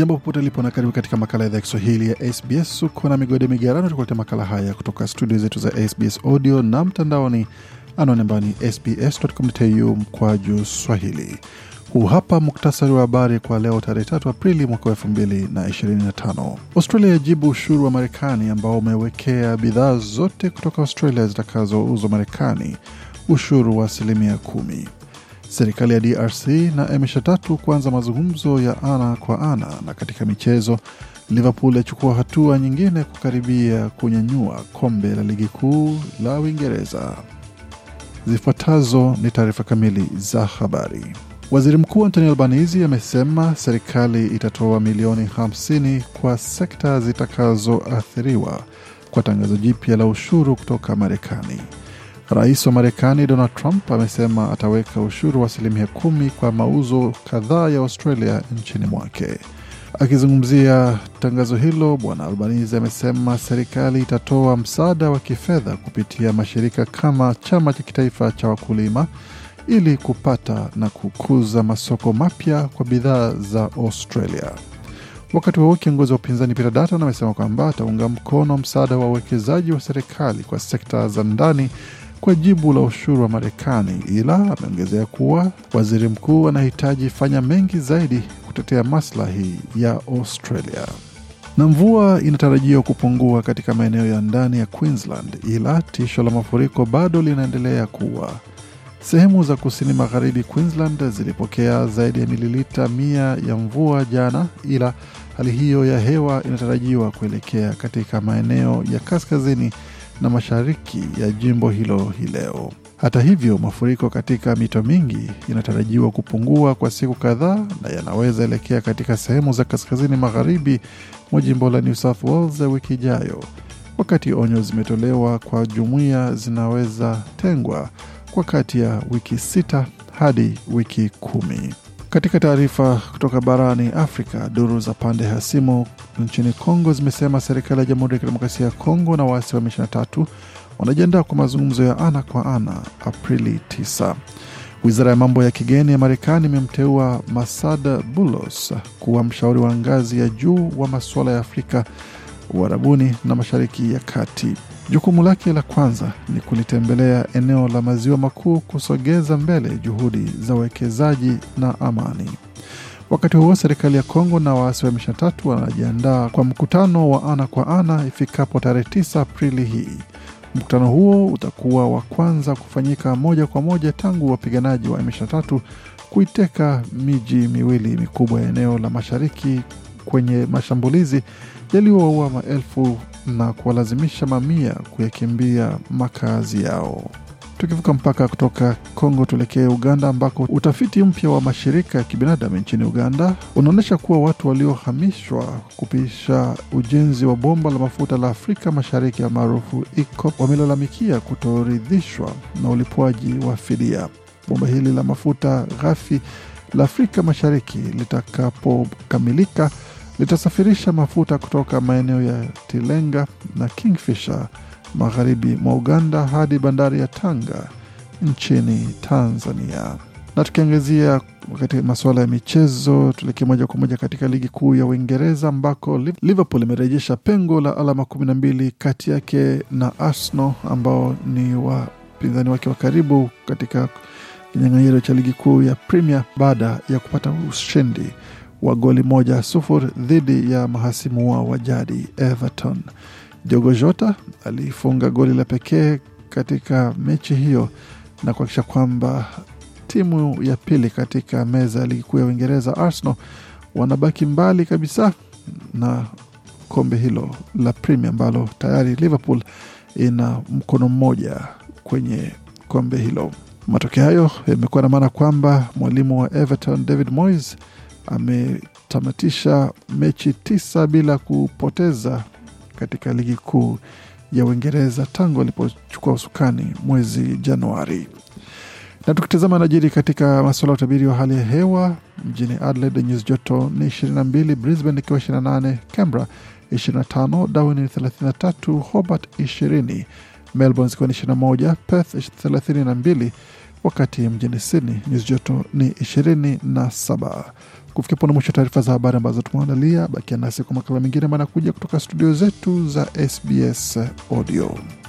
Jambo popote lipo na karibu katika makala idhaa Kiswahili ya SBS. Uko na migode migarano tukuletea makala haya kutoka studio zetu za SBS audio na mtandaoni, anwani ambayo ni sbs.com.au juu swahili. Huu hapa muktasari wa habari kwa leo tarehe tatu Aprili mwaka elfu mbili na ishirini na tano. Australia yajibu ushuru wa Marekani ambao umewekea bidhaa zote kutoka Australia zitakazouzwa Marekani ushuru wa asilimia kumi. Serikali ya DRC na M23 kuanza mazungumzo ya ana kwa ana. Na katika michezo, Liverpool yachukua hatua nyingine kukaribia kunyanyua kombe la ligi kuu la Uingereza. Zifuatazo ni taarifa kamili za habari. Waziri Mkuu Anthony Albanese amesema serikali itatoa milioni 50 kwa sekta zitakazoathiriwa kwa tangazo jipya la ushuru kutoka Marekani. Rais wa Marekani Donald Trump amesema ataweka ushuru wa asilimia kumi kwa mauzo kadhaa ya Australia nchini mwake. Akizungumzia tangazo hilo, Bwana Albanese amesema serikali itatoa msaada wa kifedha kupitia mashirika kama chama cha kitaifa cha wakulima ili kupata na kukuza masoko mapya kwa bidhaa za Australia. Wakati huo kiongozi wa upinzani Peter Dutton amesema kwamba ataunga mkono msaada wa uwekezaji wa serikali kwa sekta za ndani kwa jibu la ushuru wa Marekani, ila ameongezea kuwa waziri mkuu anahitaji fanya mengi zaidi kutetea maslahi ya Australia. Na mvua inatarajiwa kupungua katika maeneo ya ndani ya Queensland, ila tisho la mafuriko bado linaendelea kuwa Sehemu za kusini magharibi Queensland zilipokea zaidi ya mililita mia ya mvua jana, ila hali hiyo ya hewa inatarajiwa kuelekea katika maeneo ya kaskazini na mashariki ya jimbo hilo hii leo. Hata hivyo, mafuriko katika mito mingi inatarajiwa kupungua kwa siku kadhaa na yanaweza elekea katika sehemu za kaskazini magharibi mwa jimbo la New South Wales wiki ijayo, wakati onyo zimetolewa kwa jumuiya zinaweza tengwa kwa kati ya wiki sita hadi wiki kumi. Katika taarifa kutoka barani Afrika, duru za pande hasimu nchini Kongo zimesema serikali ya Jamhuri ya Kidemokrasia ya Kongo na waasi wa M23 wanajiandaa kwa mazungumzo ya ana kwa ana Aprili 9. Wizara ya mambo ya kigeni ya Marekani imemteua Masad Bulos kuwa mshauri wa ngazi ya juu wa masuala ya Afrika, Uarabuni na Mashariki ya Kati. Jukumu lake la kwanza ni kulitembelea eneo la maziwa makuu kusogeza mbele juhudi za uwekezaji na amani. Wakati huo serikali ya Kongo na waasi wa M23 wanajiandaa kwa mkutano wa ana kwa ana ifikapo tarehe 9 Aprili hii. Mkutano huo utakuwa wa kwanza kufanyika moja kwa moja tangu wapiganaji wa M23 kuiteka miji miwili mikubwa ya eneo la mashariki kwenye mashambulizi yaliyowaua maelfu na kuwalazimisha mamia kuyakimbia makazi yao. Tukivuka mpaka kutoka Kongo tuelekee Uganda, ambako utafiti mpya wa mashirika ya kibinadamu nchini Uganda unaonyesha kuwa watu waliohamishwa kupisha ujenzi wa bomba la mafuta la Afrika Mashariki almaarufu EACOP wamelalamikia kutoridhishwa na ulipwaji wa fidia. Bomba hili la mafuta ghafi la Afrika Mashariki litakapokamilika litasafirisha mafuta kutoka maeneo ya Tilenga na Kingfisher magharibi mwa Uganda hadi bandari ya Tanga nchini Tanzania. Na tukiangazia wakati masuala ya michezo, tuelekee moja kwa moja katika ligi kuu ya Uingereza ambako Liverpool imerejesha pengo la alama kumi na mbili kati yake na Arsenal ambao ni wapinzani wake wa karibu katika kinyang'anyiro cha ligi kuu ya Premier baada ya kupata ushindi wa goli moja sufuri dhidi ya mahasimu wao wa jadi Everton. Diogo Jota alifunga goli la pekee katika mechi hiyo na kuhakikisha kwamba timu ya pili katika meza ya ligi kuu ya Uingereza, Arsenal, wanabaki mbali kabisa na kombe hilo la Premier ambalo tayari Liverpool ina mkono mmoja kwenye kombe hilo. Matokeo hayo yamekuwa na maana kwamba mwalimu wa Everton David Moyes ametamatisha mechi tisa bila kupoteza katika ligi kuu ya Uingereza tangu alipochukua usukani mwezi Januari. Na tukitazama najiri katika masuala ya utabiri wa hali ya hewa mjini Adelaide, nyuzi joto ni 22, Brisbane ikiwa 28, Canberra 25, Darwin 33, Hobart 20, Melbourne zikiwa ni 21, Perth 32 wakati mjini Sydney nyuzi joto ni 27. Kufikia pona mwisho taarifa za habari ambazo tumeandalia. Bakia nasi kwa makala mengine manakuja kutoka studio zetu za SBS Audio.